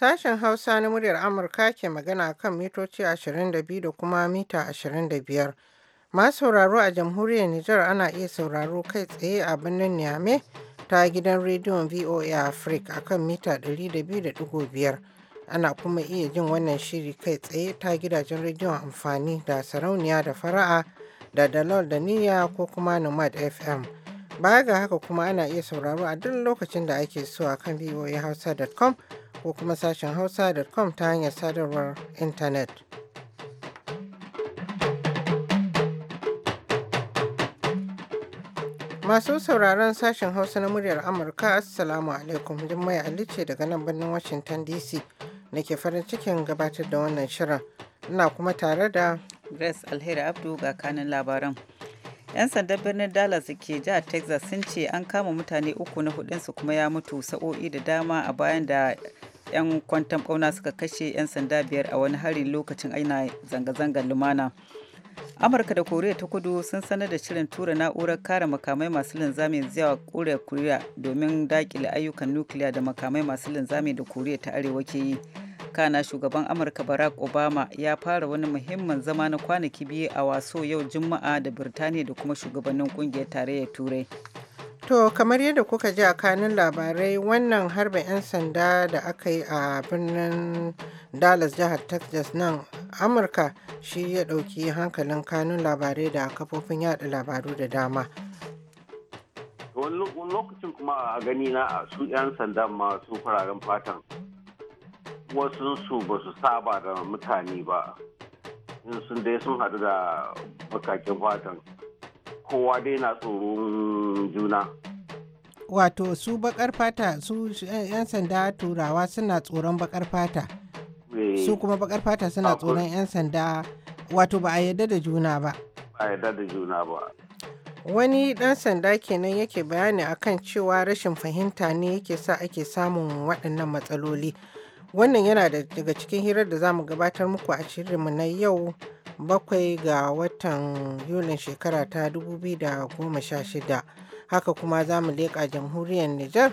Sashen Hausa na muryar Amurka ke magana kan mitoci 22 da kuma mita 25. Ma sauraro a jamhuriyar Nijar ana iya sauraro kai tsaye a birnin Niamey ta gidan rediyon VOA Africa akan mita 200.5. Ana kuma iya jin wannan shiri kai tsaye ta gidajen rediyon amfani da sarauniya da fara'a da dalol da niyya ko kuma nomad FM. Baya ga haka kuma ana iya sauraro a duk lokacin da ake so a kan voahausa.com ko kuma sashen hausa.com ta hanyar sadarwar intanet. Masu sauraron sashen Hausa na muryar Amurka, Assalamu alaikum, Jummai Ali ce daga nan birnin Washington DC da ke farin cikin gabatar da wannan shirin. Ina kuma tare da Grace Alheri Abdu ga kanin labaran. 'Yan sandan birnin Dallas ke jihar Texas sun ce an kama mutane uku na hudunsu kuma ya mutu sa'o'i da dama a bayan da 'yan kwantan bauna suka kashe 'yan sanda biyar a wani harin lokacin aina zanga-zangar lumana amurka da koriya ta kudu sun sanar da shirin tura na'urar kare makamai masu linzami zuwa koriya koriya domin dakile ayyukan nukiliya da makamai masu linzami da koriya ta arewa ke yi kana shugaban amurka barack obama ya fara wani muhimmin zama na kwanaki biyu a waso yau juma'a da birtaniya da kuma shugabannin kungiyar tarayyar turai To kamar yadda kuka ji a kanin labarai wannan harbin 'yan sanda da aka yi a birnin Dallas jihar Texas nan Amurka shi ya ɗauki hankalin kanun labarai da kafofin yada labaru da dama. Wani lokacin kuma a gani na su 'yan sanda masu fararen fatan wasu su ba su saba da mutane ba sun dai sun haɗu da bakakin fatan kowa dai na tsoron juna wato su bakar fata su eh, 'yan sanda turawa suna tsoron bakar fata eh. su kuma bakar fata suna tsoron 'yan sanda wato ba a yadda da juna ba a yadda da juna ba wani ɗan sanda kenan yake bayani akan cewa rashin fahimta ne yake sa ake samun waɗannan matsaloli wannan yana daga cikin hirar da za mu gabatar muku a shirinmu na yau bakwai ga watan Yulin shekara ta 2016. Haka kuma za mu leƙa jamhuriyar Nijar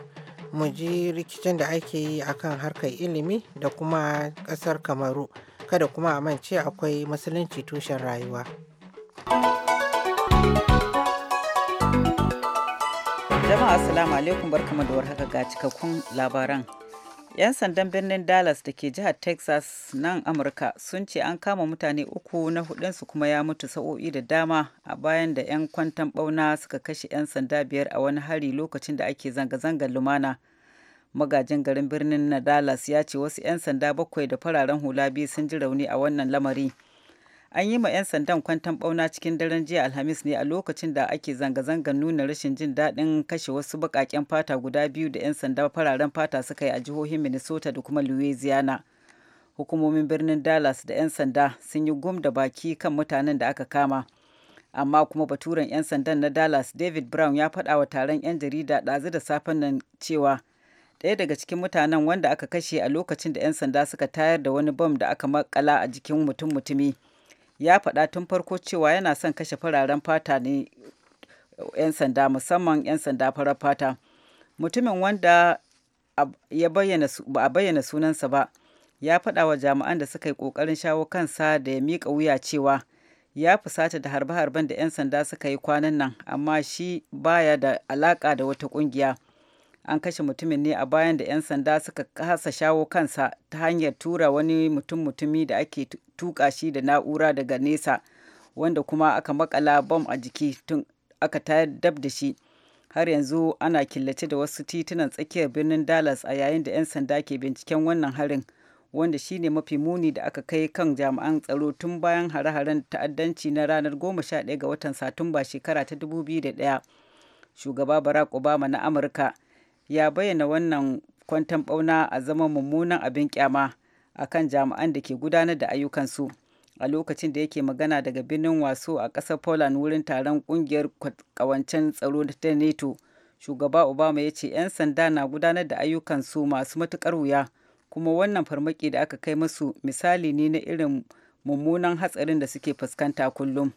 mu ji rikicin da ake yi akan harkar ilimi da kuma ƙasar Kamaru. Kada kuma a mance akwai musulunci tushen rayuwa. Jama'a Assalamu alaikum barkamu da warhaka ga cikakkun labaran. 'Yan sandan birnin Dallas da ke jihar Texas nan Amurka sun ce an kama mutane uku na hudunsu kuma ya mutu sa'o'i da dama a bayan da 'yan kwantan bauna suka kashe 'yan sanda biyar a wani hari lokacin da ake zanga-zangar lumana. Magajin garin birnin na Dallas ya ce wasu 'yan sanda bakwai da fararen hula biyu sun ji rauni a wannan lamari. an yi ma 'yan sandan kwantan bauna cikin daren jiya alhamis ne a lokacin da ake zanga-zangar nuna rashin jin daɗin kashe wasu baƙaƙen fata guda biyu da 'yan sanda fararen fata suka yi a jihohin minnesota da kuma louisiana hukumomin birnin dallas da 'yan sanda sun yi gum da baki kan mutanen da aka kama amma kuma baturen 'yan sandan na dallas david brown ya faɗa wa taron 'yan jarida ɗazu da safen nan cewa ɗaya daga cikin mutanen wanda aka kashe a lokacin da 'yan sanda suka tayar da wani bom da aka makala a jikin mutum-mutumi ya faɗa tun farko cewa yana son kashe fararen fata ne 'yan sanda musamman 'yan sanda farar fata mutumin wanda ba a bayyana sunansa ba ya faɗa wa jami'an da suka yi ƙoƙarin shawo kansa da ya miƙa wuya cewa ya fusata da harbe-harben da 'yan sanda suka yi kwanan nan amma shi baya da alaƙa da wata ƙungiya an kashe mutumin ne a bayan da 'yan sanda suka kasa shawo kansa ta hanyar tura wani mutum-mutumi da ake tuka shi da na'ura daga nesa wanda kuma aka makala bom a jiki tun aka tayar dab da shi har yanzu ana killace da wasu titunan tsakiyar birnin dallas a yayin da 'yan sanda ke binciken wannan harin wanda shi ne mafi muni da aka kai kan jami'an tsaro tun bayan hare-haren ta'addanci na ranar 11 ga watan satumba shekara ta 2001 shugaba barack obama na amurka ya bayyana wannan kwantan bauna a zaman mummunan abin kyama a kan jami'an da ke gudanar da ayyukansu a lokacin da yake magana daga birnin waso a ƙasar poland wurin taron ƙungiyar ƙawancen tsaro ta nato shugaba obama ya ce 'yan sanda na gudanar da ayyukansu masu matuƙar wuya kuma wannan farmaki da aka kai musu misali ne na irin mummunan hatsarin da suke fuskanta kullum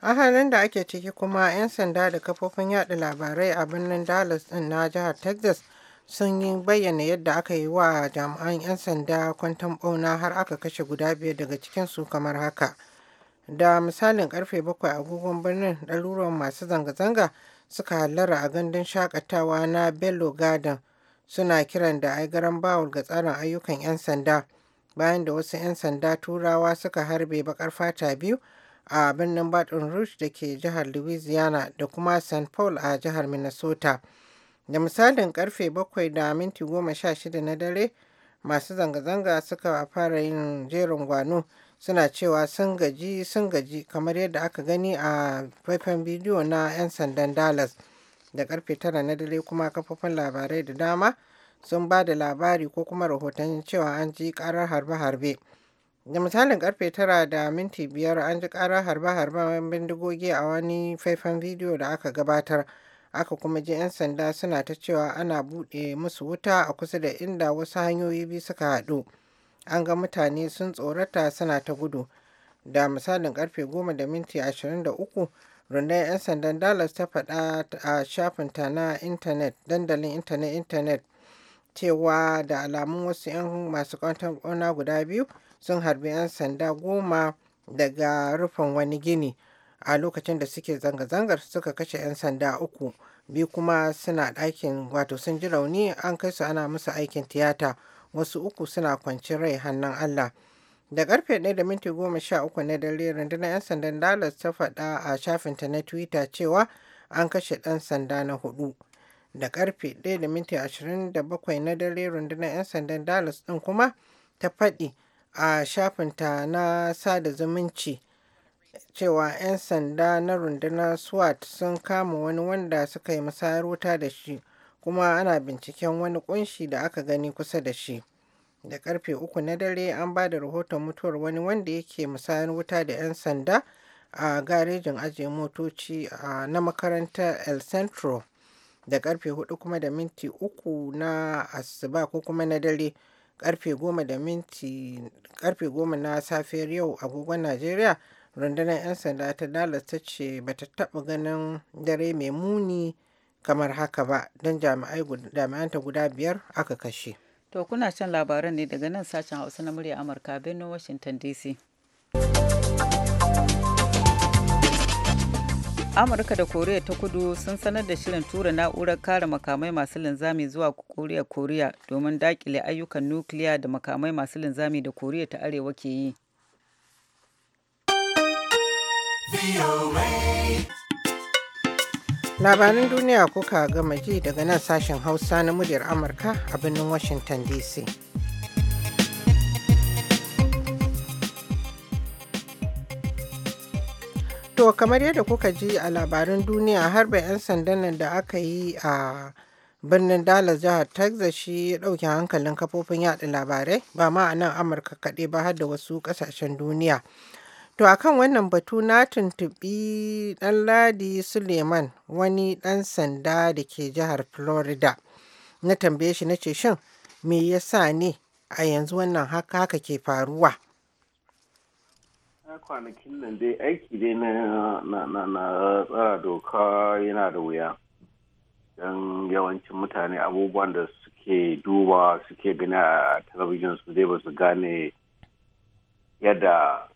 A halin da ake ciki kuma, 'yan sanda da kafofin yaɗa labarai a birnin Dallas ɗin na jihar Texas sun yi bayyana yadda aka yi wa jami'an 'yan sanda kwantan bauna har aka kashe guda biyar daga cikin su kamar haka. Da misalin karfe bakwai agogon birnin ɗaruruwan masu zanga-zanga suka hallara a gandun shakatawa na Bello Garden suna kiran da aigaran bawul ga tsarin ayyukan 'yan sanda bayan da wasu 'yan sanda turawa suka harbe bakar fata biyu a birnin baton rouge da ke jihar louisiana da kuma st paul a jihar minnesota da misalin karfe 7 da minti 16 na dare masu zanga-zanga suka fara yin jerin gwano suna cewa sun gaji sun gaji kamar yadda aka gani a faifan bidiyo na 'yan sandan dallas da karfe 9 na dare kuma kafofin labarai da dama sun ba da labari ko kuma rahoton cewa an ji karar harbe-harbe. da misalin karfe tara da minti biyar an ji karar harba harben bindigogi a wani faifan bidiyo da aka gabatar aka kuma ji 'yan sanda suna ta cewa ana buɗe musu wuta a kusa da inda wasu hanyoyi biyu suka haɗu an ga mutane sun tsorata suna ta gudu da misalin karfe goma da minti ashirin uku rundunar 'yan sandan dallas ta faɗa a shafinta na intanet dandalin intanet intanet cewa da alamun wasu 'yan masu kwantar guda biyu sun harbi 'yan sanda goma daga rufin wani gini a lokacin da suke zanga-zangar suka kashe 'yan sanda uku biyu kuma suna ɗakin wato sun ji rauni an kai su ana musu aikin tiyata wasu uku suna kwanci rai hannun allah da karfe 1 da minti goma sha uku na dare rundunar 'yan sandan dallas ta faɗa a shafinta na twitter cewa an kashe ɗan sanda na hudu da karfe 1 da minti 27 na dare rundunar 'yan sandan dallas ɗin kuma ta faɗi a shafinta na sada zumunci cewa 'yan sanda na rundunar SWAT sun kama wani wanda suka yi musayar wuta da shi kuma ana binciken wani kunshi da aka gani kusa da shi. Da karfe uku na dare an ba da rahoton mutuwar wani wanda yake musayar wuta da 'yan sanda a garejin ajiye motoci na makarantar El Centro da karfe hudu kuma da minti uku na asuba ko kuma na dare karfe goma na safiyar yau agogon najeriya rundunar 'yan sanda ta dallas ta ce ba ta taɓa ganin dare mai muni kamar haka ba don jami'an ta guda biyar aka kashe to kuna shan labaran ne daga nan sashen hausa na murya amurka birnin washington dc amurka da koriya ta kudu sun sanar da shirin tura na'urar kare makamai masu linzami zuwa koriya koriya domin dakile ayyukan nukiliya da makamai masu linzami da koriya ta arewa ke yi labaran duniya kuka gama ji daga nan sashen hausa na muryar amurka a birnin washington dc To kamar yadda kuka ji a labarin duniya harba 'yan sandan nan da aka yi a birnin Dallas jihar Texas shi ya ɗauke hankalin kafofin yaɗa labarai ba ma a nan Amurka kaɗai ba har da wasu ƙasashen duniya. To a kan wannan batu na tuntuɓi Ladi Suleiman wani ɗan sanda da ke jihar Florida. Na tambaye shi na ce shin me yasa ne a yanzu wannan haka haka ke faruwa? kwanakin nan dai aiki dai na tsara doka yana da wuya don yawancin mutane abubuwan da suke duba suke gani a talabijin su dai ba su gane yadda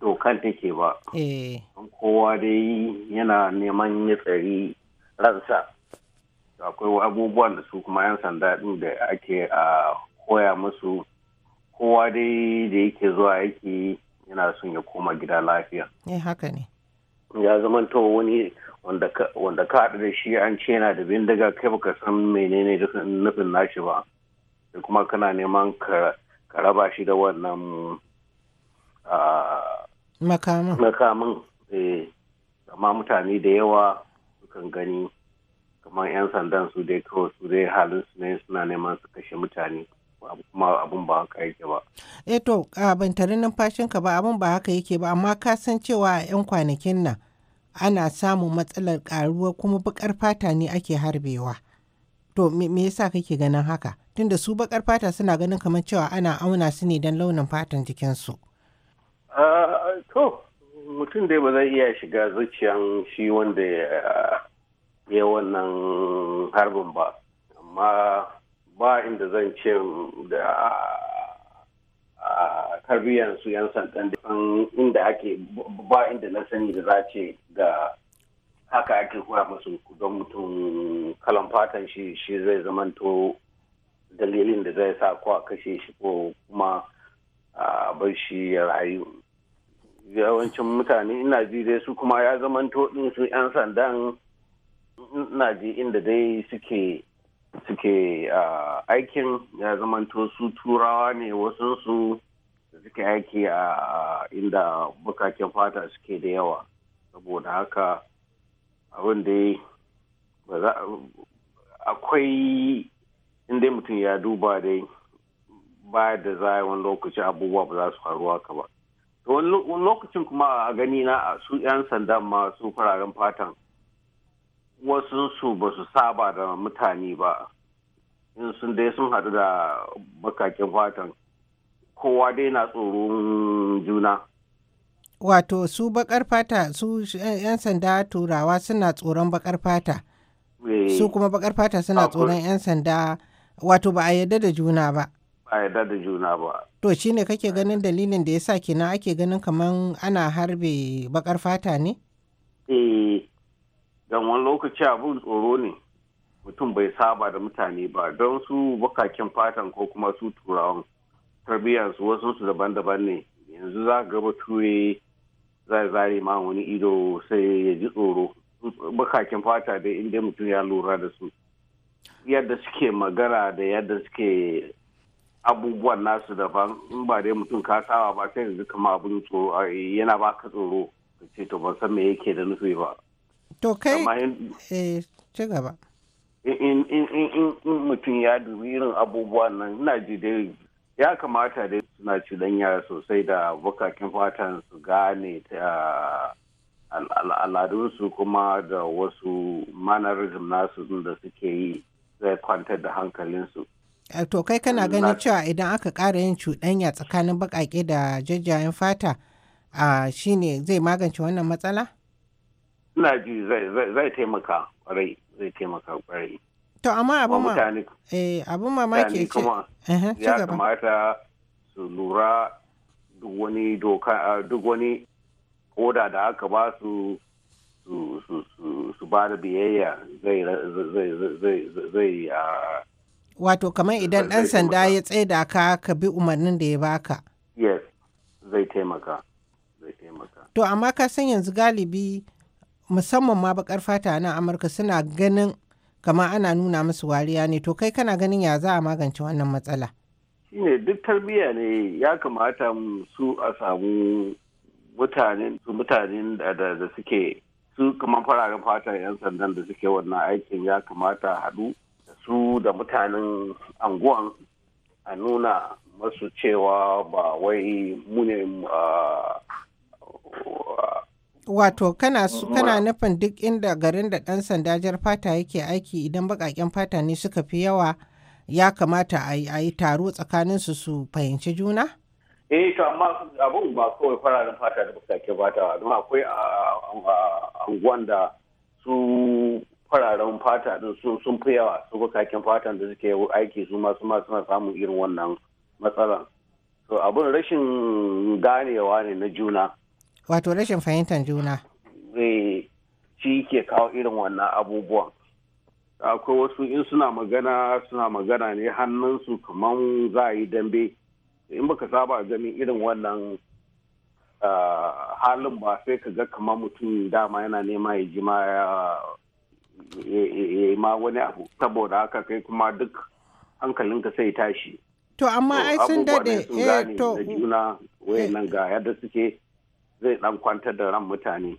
dokan take ba eh. kowa dai yana neman ya tsari ransa akwai abubuwan da su kuma 'yan sanda da ake a koya musu kowa dai da yake zuwa yake yana son ya koma gida lafiya eh haka ne ya zama to wani wanda ka haɗu da shi an ce yana da bindiga kai baka san menene nufin nashi ba da kuma kana neman ka raba shi da wannan makamin eh, amma mutane da yawa sukan gani kamar 'yan sandan su dai kawai su dai halin su ne suna neman su kashe mutane kuma abun ba haka yake ba. Eh to ban tare numfashinka ba abun ba haka yake ba amma ka san cewa a 'yan kwanakin nan ana samun matsalar karuwa kuma bakar fata ne ake harbewa. To me yasa kake ganin haka? Tunda su bakar fata suna ganin kamar cewa ana auna su ne don launin fatan jikinsu. To mutum dai ba zai iya shiga zuciyan shi wanda ya wannan harbin ba. Amma ba inda zan ce da tarbiyyar su yan sandan da inda ake ba inda na sani da za ce ga haka ake koya masu don mutum kalan fatan shi shi zai zamanto dalilin da zai sa kuwa kashe shi ko kuma a bar shi ya rayu yawancin mutane ina ji dai su kuma ya zamanto din su yan sandan ina ji inda dai suke suke aikin ya zamanto su turawa ne wasu su suke aiki a inda bukakin fata suke da yawa saboda haka abin da akwai inda mutum ya duba dai ba da za a yi wani lokaci abubuwa ba za su karu haka ba wani lokacin kuma a gani na su 'yan sanda masu su fararen fatan wasu su ba su saba da mutane ba in sun dai sun haɗu da bakakin fatan kowa dai na tsoron juna wato su bakar fata su eh, 'yan sanda turawa suna tsoron bakar fata eh. su kuma bakar fata suna tsoron 'yan sanda wato ba a yarda da juna ba a yarda da juna ba to shine kake ganin dalilin da ya sa kina ake ganin kamar ana harbe bakar fata ne eh don wani lokaci abin tsoro ne mutum bai saba da mutane ba don su bakakin fatan ko kuma su turawan tarbiyyar su wasu su daban-daban ne yanzu za ga bature zai zare ma wani ido sai ya ji tsoro bakakin fata da inda mutum ya lura da su yadda suke magana da yadda suke abubuwan nasu daban in ba dai mutum ka saba ba sai yanzu kama abin tsoro yana baka tsoro ka ce to ban san me yake da nufi ba to kai eh, gaba in mutum ya dubi irin abubuwan nan ina ji dai ya kamata dai suna cidan yara sosai da bukakin fatan su gane ta ah, al'adunsu kuma da wasu mannerism nasu da suke yi zai kwantar da hankalinsu eh, to kai kana ganin cewa idan aka ƙara yin cuɗanya tsakanin baƙaƙe da jajjayen fata ah, shine zai magance wannan matsala? ina ji zai taimaka kwarai zai taimaka kwarai to amma abin ma eh abin ke ce ya kamata su lura duk wani doka duk wani koda da aka ba su su ba da biyayya zai zai wato kamar idan ɗan sanda ya tsaida ka ka bi umarnin da ya baka yes zai taimaka zai taimaka to amma ka san yanzu galibi musamman ma bakar fata na amurka suna ganin kama ana nuna musu wariya ne to kai kana ganin ya za a magance wannan matsala shine duk tarbiyya ne ya kamata su a samu mutanen mutanen da suke su kamar fararen fata yan sandan da suke wannan aikin ya kamata hadu da su da mutanen anguwan a nuna masu cewa ba wai mu ah, wato kana kana nufin duk inda garin da ɗan sanda jar fata yake aiki idan baƙaƙen fata ne suka fi yawa ya kamata a yi taro tsakanin su su fahimci juna? eh to amma abin ba kawai fararen fata da baƙaƙen fata don akwai anguwan da su fararen fata din sun fi yawa su baƙaƙen fata da suke aiki su ma suna samun irin wannan matsalan to abin rashin ganewa ne na juna wato rashin fahimtar juna zai shi ke kawo irin wannan abubuwan akwai wasu in suna magana suna magana ne hannunsu kamar za a yi dambe in baka saba ganin irin wannan halin ba sai ka ga kamar mutum dama yana nema ya ji ma ya ma wani abu saboda haka kai kuma duk hankalinka sai tashi to amma ai sun dade eh to juna wayannan ga yadda suke zai dan kwantar da ran mutane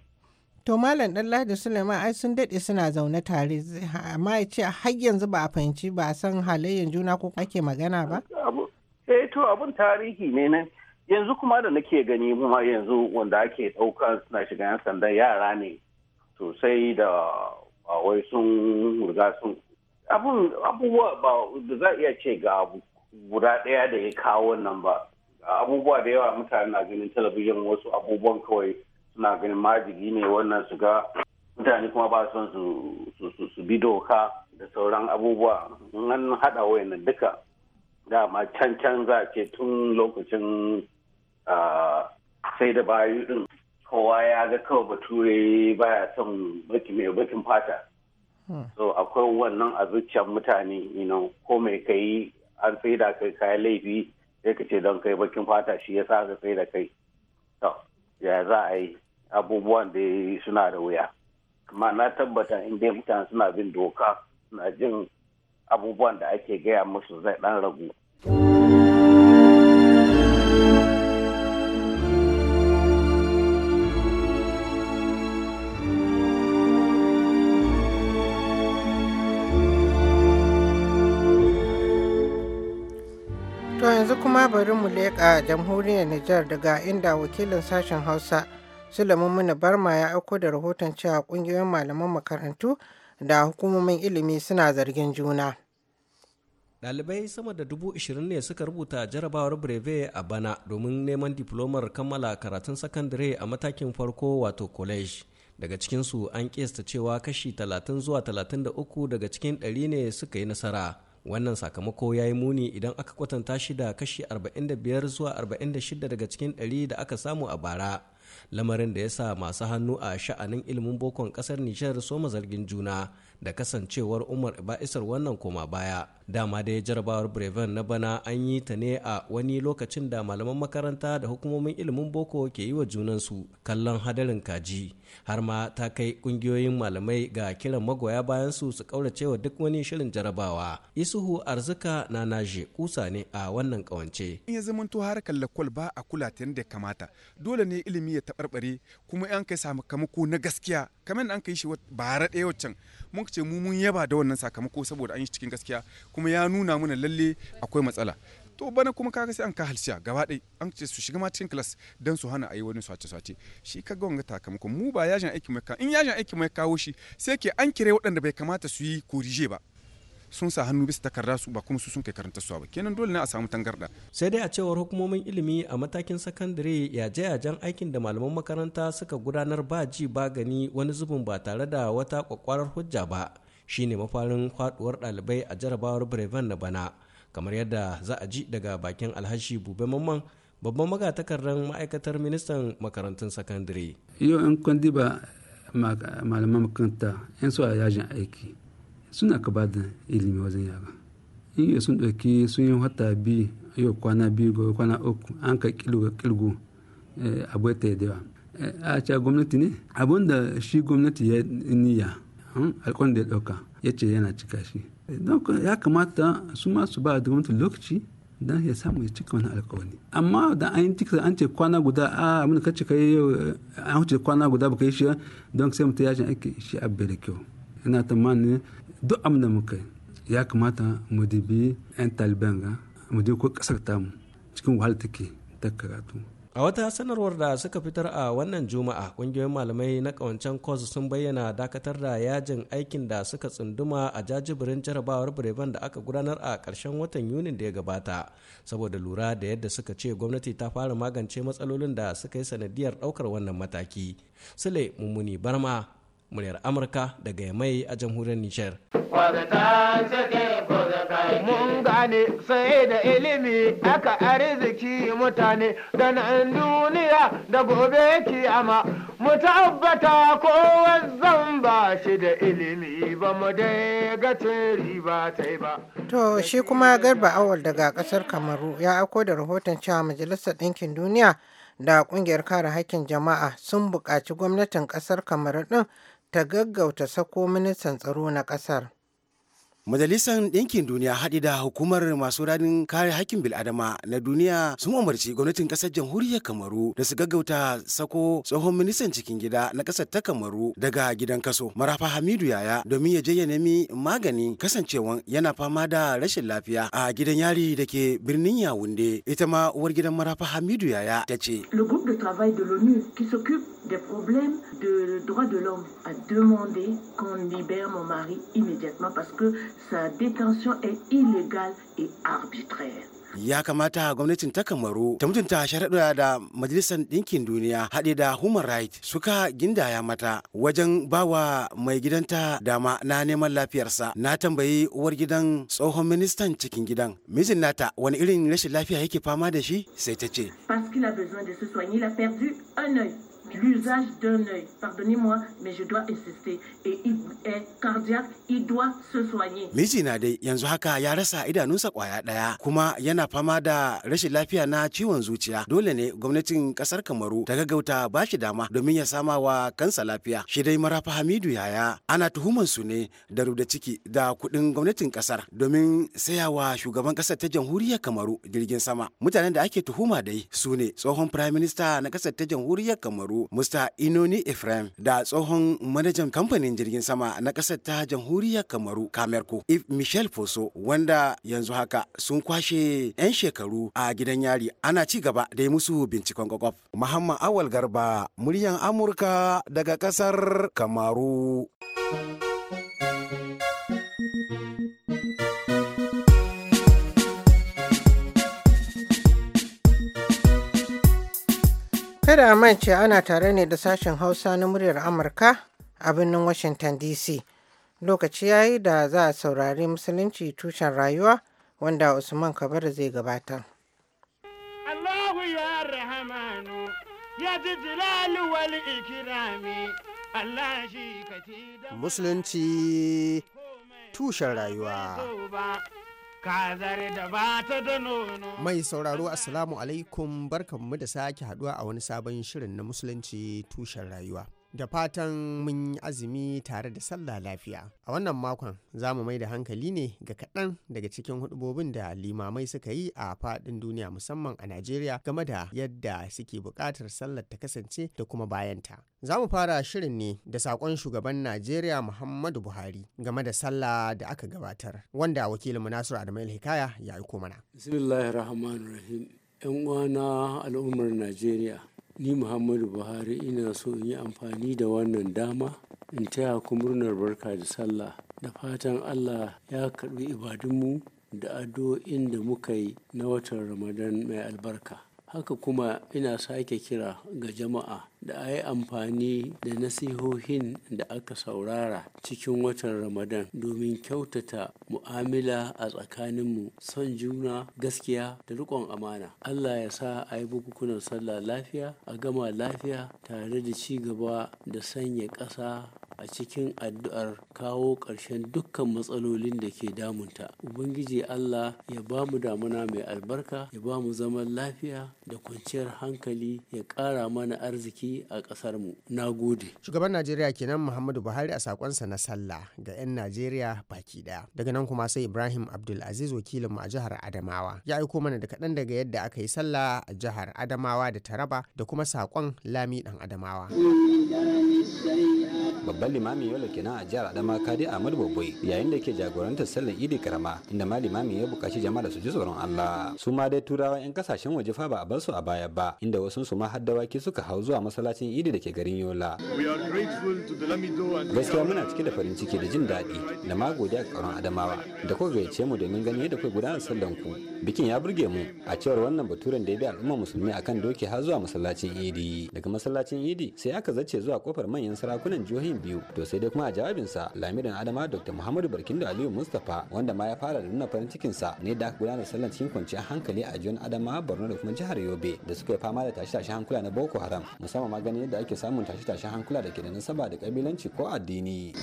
to malam lahadi suleiman ai sun daɗe suna zaune tare amma ya ce har yanzu ba a fahimci ba a san halayyar juna ko ake magana ba eh to abun tarihi ne ne. yanzu kuma da nake gani kuma yanzu wanda ake ɗauka suna shiga yan sandan yara ne sosai da ba wai sun riga sun abubuwa ba da za iya ce ga guda ɗaya da ya kawo nan ba abubuwa da yawa mutane na ganin talabijin wasu abubuwan kawai suna ganin majigi ne wannan su ga mutane kuma ba son su bi doka da sauran abubuwa an haɗa wayan duka dama can can za a ce tun lokacin sai da bayu din kowa ya ga kawai bature baya son bakin fata hmm. so akwai wannan a zuciyar mutane ko mai kai an sai da kai kayan laifi sai ka ce don kai bakin fata shi ya sa ka sai da kai to ya za a yi abubuwan da suna da wuya amma na tabbata in dai mutane suna bin doka suna jin abubuwan da ake gaya musu zai dan ragu. yanzu kuma bari mu leƙa jamhuriyar Nijar daga inda wakilin sashen Hausa Sulaiman Muna Barma ya aiko da rahoton cewa ƙungiyoyin malaman makarantu da hukumomin ilimi suna zargin juna. Ɗalibai sama da dubu ishirin ne suka rubuta jarabawar breve a bana domin neman diplomar kammala karatun sakandare a matakin farko wato college. Daga cikinsu an kesta cewa kashi talatin zuwa talatin da uku daga cikin ɗari ne suka yi nasara. wannan sakamako ya yi muni idan aka kwatanta shi da kashi 45 zuwa 46 daga cikin 100 da aka samu a bara lamarin da ya sa masu hannu a sha'anin ilimin bokon kasar nijar soma zargin juna da kasancewar umar ba'isar wannan koma baya dama dai jarabawar breven na bana an yi ta ne a wani lokacin da malaman makaranta da hukumomin ilimin boko ke yi wa junansu kallon hadarin kaji har ma ta kai kungiyoyin malamai ga kiran magoya bayan su su kaurace duk wani shirin jarabawa isuhu arzika na naje kusa ne a wannan kawance in ya zama to har kalla kwal ba a kula ta yadda kamata dole ne ilimi ya taɓarɓare kuma an kai sakamako na gaskiya kamar an kai shi bara ɗaya waccan mun ce mu mun yaba da wannan sakamako saboda an yi cikin gaskiya kuma ya nuna mana lalle akwai matsala to bana kuma kaga sai an ka halsiya gaba ɗai an ce su shiga ma cikin class dan su hana ayi wani swace swace shi kaga wanga takamako mu ba yajin aiki mai in yajin aiki mai kawo shi sai ke an kire waɗanda bai kamata su yi korije ba sun sa hannu bisa takarda su ba kuma su sun kai karanta su ba kenan dole ne a samu tangarda sai dai a cewar hukumomin ilimi a matakin sakandare yaje yajen aikin da malaman makaranta suka gudanar ba ji ba gani wani zubin ba tare da wata kwakwarar hujja ba shine mafarin faduwar dalibai a jarabawar breven na bana kamar yadda za a ji daga bakin alhashi bube mamman babban magatakardar ma'aikatar ministan makarantun sakandare yau an kwandi ba malaman makaranta yan su a yajin aiki suna ka ba da ilimi wajen yara in yi sun ɗauki sun yi wata biyu yau kwana biyu ga kwana uku an ka kilgo abuwa ta yawa eh, a ce gwamnati ne abin da shi gwamnati ya niya. Hmm? alkawarin da ya ɗauka ya ce yana cika shi don ya kamata su ma su ba da gwamnati lokaci don ya samu ya cika wani alkawari amma da an yi tiksa an ce kwana guda a mun ka cika yau eh, an huce kwana guda baka yi shi don sai mutum yashin ake shi abu da kyau ina tamanin duk abin da muka ya kamata mu dibi yan taliban ga mu dibi ko kasar tamu cikin wahala take ta karatu a wata sanarwar da suka fitar a wannan juma'a kungiyoyin malamai na kawancen kos sun bayyana dakatar da yajin aikin da suka tsunduma a jajibirin jarabawar bireban da aka gudanar a ƙarshen watan yunin da ya gabata saboda lura da yadda suka ce gwamnati ta fara magance matsalolin da suka yi sanadiyar ɗaukar wannan mataki sule mummuni barma muryar amurka daga yamai a jamhuriyar nijar mun gane sai da ilimi aka arziki mutane da nan duniya da gobe kiyama mu tabbata kowa zan ba shi da ilimi ba mu dai ga riba ta ba. To shi kuma garba awal daga kasar Kamaru ya aiko da rahoton cewa Majalisar Ɗinkin Duniya da kungiyar kare haƙƙin jama'a sun buƙaci gwamnatin ƙasar Kamaru ɗin ta gaggauta sako ministan tsaro na ƙasar. Majalisar Ɗinkin Duniya haɗi da hukumar masu ranin kare hakkin bil'adama na duniya sun umarci gwamnatin ƙasar jamhuriyar Kamaru da su gaggauta sako tsohon ministan cikin gida na ƙasar ta Kamaru daga gidan kaso Marafa Hamidu Yaya domin ya je ya nemi magani kasancewan yana fama da rashin lafiya a gidan yari da ke birnin Yawunde ita ma uwar gidan Marafa Hamidu Yaya ta ce. Le groupe de travail de l'ONU qui s'occupe des problèmes de droits de l'homme a demandé qu'on libère mon mari immédiatement parce que sa detention est illégale et arbitraire. ya kamata gwamnatin ta kamaru ta mutunta sharaɗa da majalisar ɗinkin duniya haɗe da human rights suka gindaya mata wajen bawa mai gidanta dama na neman lafiyarsa na tambayi uwar gidan tsohon ministan cikin gidan mijin nata wani irin rashin lafiya yake fama da shi sai ta ce parce qu'il a besoin de se soigner il a perdu un l'usage d'un œil. Pardonnez-moi, mais je dois insister. Et il est cardiaque, il doit se soigner. Mijina dai yanzu haka ya rasa idanunsa kwaya daya kuma yana fama da rashin lafiya na ciwon zuciya. Dole ne gwamnatin kasar Kamaru ta gaggauta ba shi dama domin ya sama wa kansa lafiya. Shi dai Marafa Hamidu yaya ana tuhumar su ne da rubda ciki da kuɗin gwamnatin kasar domin sayawa shugaban kasar ta jamhuriyar Kamaru jirgin sama. Mutanen da ake tuhuma dai su ne tsohon firayim minista na kasar ta jamhuriyar Kamaru shari'u Mr. Inoni Ephraim da tsohon manajan kamfanin jirgin sama na ƙasar ta jamhuriyar Kamaru Kamerko If Michel Foso wanda yanzu haka sun kwashe 'yan shekaru a gidan yari ana ci gaba da yi musu binciken kwakwaf. Muhammad Awal Garba muryan Amurka daga ƙasar Kamaru. Kada a mance ana tare ne da sashen Hausa na muryar Amurka a birnin Washington DC. Lokaci ya yi da za a saurari Musulunci tushen rayuwa wanda Usman Kabar zai gabata. Allahu ya rahamanu ya ji jilali wal ikirami Allah shi ka Musulunci tushen rayuwa. Mai sauraro Assalamu alaikum barkanmu da sake haduwa a wani sabon shirin na Musulunci tushen rayuwa. da fatan mun yi azumi tare da sallah lafiya a wannan makon za mu mai da hankali ne ga kaɗan daga cikin hudubobin da limamai suka yi a faɗin duniya musamman a najeriya game da yadda suke buƙatar sallar ta kasance da kuma bayanta za mu fara shirin ne da saƙon shugaban najeriya muhammadu buhari game da sallah da aka gabatar wanda wakilinmu nasiru adamu hikaya ya aiko mana bismillahir rahim yan uwana al'ummar najeriya Ni Muhammadu Buhari ina so in yi amfani da wannan dama in taya ku murnar barka da sallah da fatan Allah ya karɓi ibadunmu da addu'o'in da muka yi na watan Ramadan mai albarka. Haka kuma ina sake kira ga jama'a da a yi amfani da nasihohin da aka saurara cikin watan Ramadan domin kyautata mu'amala a tsakaninmu, son juna, gaskiya da riƙon amana. Allah ya sa a yi bukukunan sallah lafiya, a gama lafiya tare da ci gaba da sanya ƙasa a cikin addu'ar kawo ƙarshen dukkan matsalolin da ke damunta ubangiji allah ya ba mu damuna mai albarka ya ba mu zaman lafiya da kwanciyar hankali ya ƙara mana arziki a ƙasar mu na gode shugaban najeriya kenan muhammadu buhari a sakonsa na sallah ga 'yan najeriya baki daya daga nan kuma sai ibrahim abdulaziz wakilin mu a jihar adamawa ya aiko mana da kaɗan daga yadda aka yi sallah a jihar adamawa da taraba da kuma sakon lami dan adamawa babban babban limami yola kenan a jihar adama kadi ahmad boboi yayin da ke jagorantar sallar idi karama inda ma limamin ya buƙaci jama'a da su ji tsoron allah su ma dai turawa yan kasashen waje fa ba a bar su a baya ba inda wasu su ma har dawaki suka hau zuwa masallacin idi da ke garin yola gaskiya muna cike da farin ciki da jin daɗi da ma godiya ga adamawa da ko gayyace mu domin ganin yadda kuke gudanar sallan ku bikin ya burge mu a cewar wannan baturen da ya bi al'ummar musulmi akan doki har zuwa masallacin idi daga masallacin idi sai aka zace zuwa kofar manyan sarakunan jihohin biyu biyu to sai dai kuma a jawabinsa lamirin adama dr muhammadu barkindo aliyu mustapha wanda ma ya fara da nuna farin cikinsa ne da aka gudanar sallan cikin kwanciyar hankali a jiyon adama borno da kuma jihar yobe da suka yi fama da tashe-tashen hankula na boko haram musamman ma ganin yadda ake samun tashe-tashen hankula da ke da nasaba da kabilanci ko addini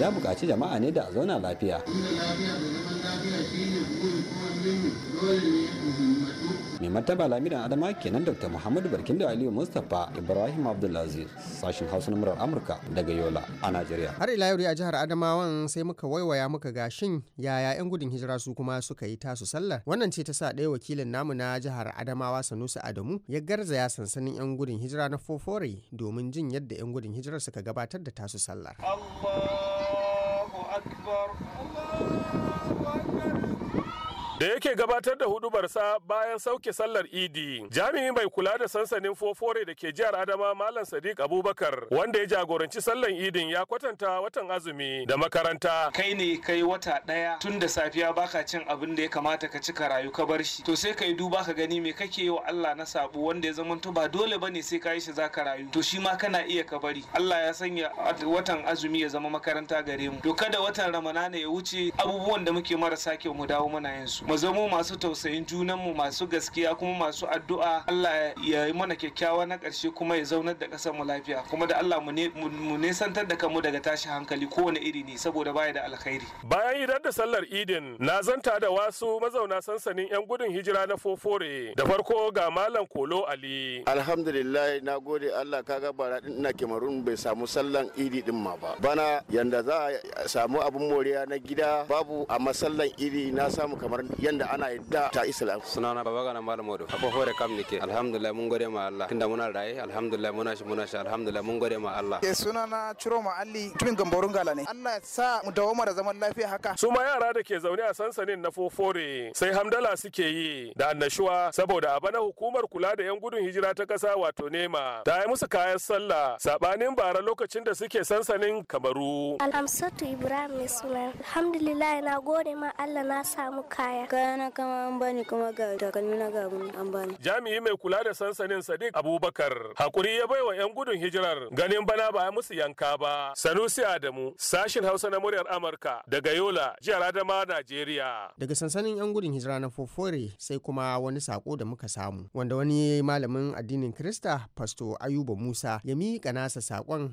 ya buƙaci jama'a ne da a zauna lafiya dole ne mai martaba lamiran adama kenan dr muhammadu da aliyu mustapha ibrahim abdulaziz sashen hausa na murar amurka daga yola a najeriya har ila yau a jihar adamawan sai muka waiwaya muka gashin yaya yan gudun hijira su kuma suka yi tasu sallar wannan ce ta sa ɗaya wakilin namu na jihar adamawa sanusi adamu ya garzaya sansanin yan gudun hijira na fofore domin jin yadda yan gudun hijirar suka gabatar da tasu sallar Allahu akbar Allah da yake gabatar da hudubarsa bayan sauke sallar idi jami'i mai kula da sansanin fofore da ke jihar adama malam sadiq abubakar wanda ya jagoranci sallar idin ya kwatanta watan azumi da makaranta kai ne kai wata daya tun da safiya baka cin abin da ya kamata ka ci ka rayu ka bar shi to sai kai duba ka gani me kake yi wa Allah na sabo wanda ya zamanto ba dole bane sai ka yi shi zaka rayu to shi ma kana iya ka bari Allah ya sanya watan azumi ya zama makaranta gare mu to kada watan ramadana ya wuce abubuwan da muke marasa kyau mu dawo mana yin mu zamo masu tausayin junanmu masu gaskiya kuma masu addu'a Allah ya yi mana kyakkyawa na ƙarshe kuma ya zaunar da ƙasar mu lafiya kuma da Allah mu santar da kanmu daga tashi hankali kowane iri ne saboda baya da alkhairi bayan idan da sallar idin na zanta da wasu mazauna sansanin yan gudun hijira na fofore da farko ga malam kolo ali alhamdulillah na gode Allah kaga bara ina kemarun bai samu sallan idi din ma ba bana yanda za a samu abun moriya na gida babu a masallan idi na samu kamar yanda ana yadda ta islam sunana gana malam modo abu hore kam nike alhamdulillah mun gode ma Allah tunda muna raye alhamdulillah muna shi muna shi alhamdulillah mun gode ma Allah ke eh, sunana ciro ma Ali tun gamborun gala ne Allah ya sa mu dawoma da zaman lafiya haka su ma yara da ke zaune a sansanin na fofore sai hamdala suke yi da annashuwa saboda a bana hukumar kula da yan gudun hijira ta kasa wato nema ta yi musu kayan sallah sabanin bara lokacin da suke sansanin kamaru alhamsatu ibrahim mai suna alhamdulillah na gode ma Allah na samu kaya kaya kayana kama an bani kuma ga takalmi na ga an bani jami'i mai kula da sansanin sadiq abubakar hakuri ya baiwa yan gudun hijirar ganin bana ba musu yanka ba sanusi adamu sashin hausa na muryar amurka daga yola jihar adama najeriya daga sansanin yan gudun hijira na fofore sai kuma wani sako da muka samu wanda wani malamin addinin krista pasto ayuba musa ya miƙa nasa sakon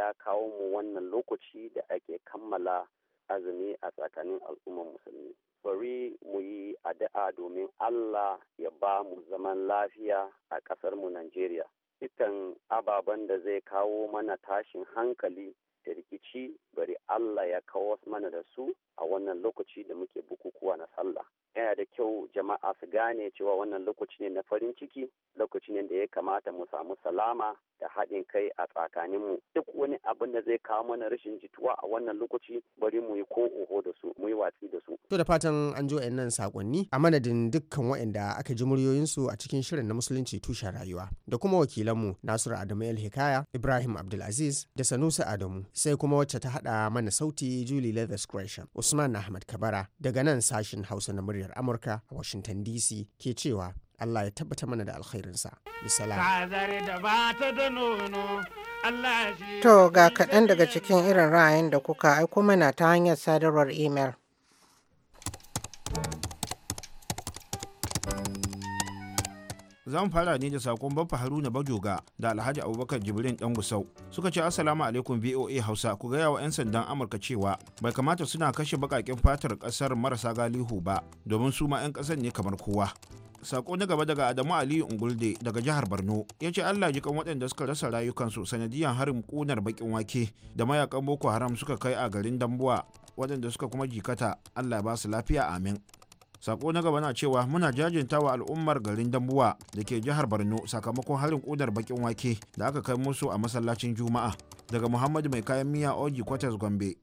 ya kawo mu wannan lokaci da ake kammala azumi a tsakanin al'ummar musulmi. Bari mu yi addu'a domin Allah ya ba mu zaman lafiya a ƙasarmu Najeriya. Itan ababen da zai kawo mana tashin hankali da rikici bari Allah ya kawo mana da su a wannan lokaci da muke bukukuwa na sallah. Yana da kyau jama'a su gane cewa wannan lokaci ne na farin ciki, lokaci ne da ya kamata mu samu salama da haɗin kai a tsakaninmu. Duk wani abin da zai kawo mana rashin jituwa a wannan lokaci bari mu yi ko oho da su, mu yi watsi da su. To da fatan an jo nan sakonni a madadin dukkan waɗanda aka ji muryoyinsu a cikin shirin na musulunci tushen rayuwa da kuma wakilanmu Nasiru Adamu El Hikaya, Ibrahim Abdulaziz da Sanusi Adamu. sai kuma wacce ta haɗa mana sauti Julie Leathers Gresham, Usman Ahmad Kabara daga nan sashin Hausa na muryar Amurka a Washington DC ke cewa Allah ya tabbata mana da alkhairinsa. To ga kaɗan daga cikin irin ra'ayin da kuka aiko mana ta hanyar sadarwar email zan fara ne da sakon baffa haruna bajoga da alhaji abubakar jibrin dan gusau suka ce assalamu alaikum voa hausa ku gaya wa 'yan sandan amurka cewa bai kamata suna kashe bakakin fatar kasar marasa galihu ba domin su ma 'yan kasar ne kamar kowa sako na gaba daga adamu aliyu ungulde daga jihar borno ya ce allah kan waɗanda suka rasa rayukansu sanadiyan harin ƙunar bakin wake da mayakan boko haram suka kai a garin dambuwa waɗanda suka kuma jikata allah ba su lafiya amin sako na gaba na cewa muna jajinta wa al'ummar garin dambuwa da ke jihar borno sakamakon harin kudar bakin wake da aka kai musu a masallacin juma'a daga muhammadu mai kayan miya oji kwatas gombe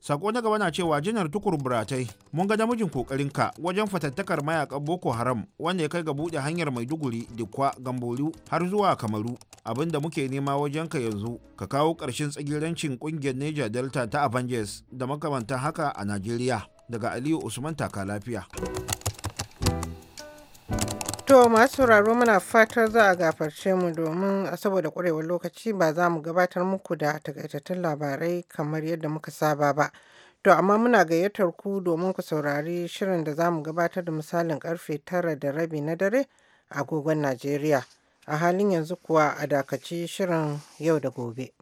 sako na gaba na cewa jinar tukur buratai mun ga namijin ka wajen fatattakar mayakan boko haram wanda ya kai ga bude hanyar maiduguri dikwa gamboru har zuwa kamaru abinda muke nema wajen ka yanzu ka kawo ƙarshen tsagirancin ƙungiyar niger delta ta avengers da makamantan haka a najeriya daga aliyu usman taka lafiya to masu sauraro muna fatar za a gafarce mu domin saboda kurewar lokaci ba za mu gabatar muku da takaitattun labarai kamar yadda muka saba ba to amma muna gayyatar ku domin ku saurari shirin da za mu gabatar da misalin karfe tara da rabi na dare a agogon najeriya a halin yanzu kuwa a dakaci shirin yau da gobe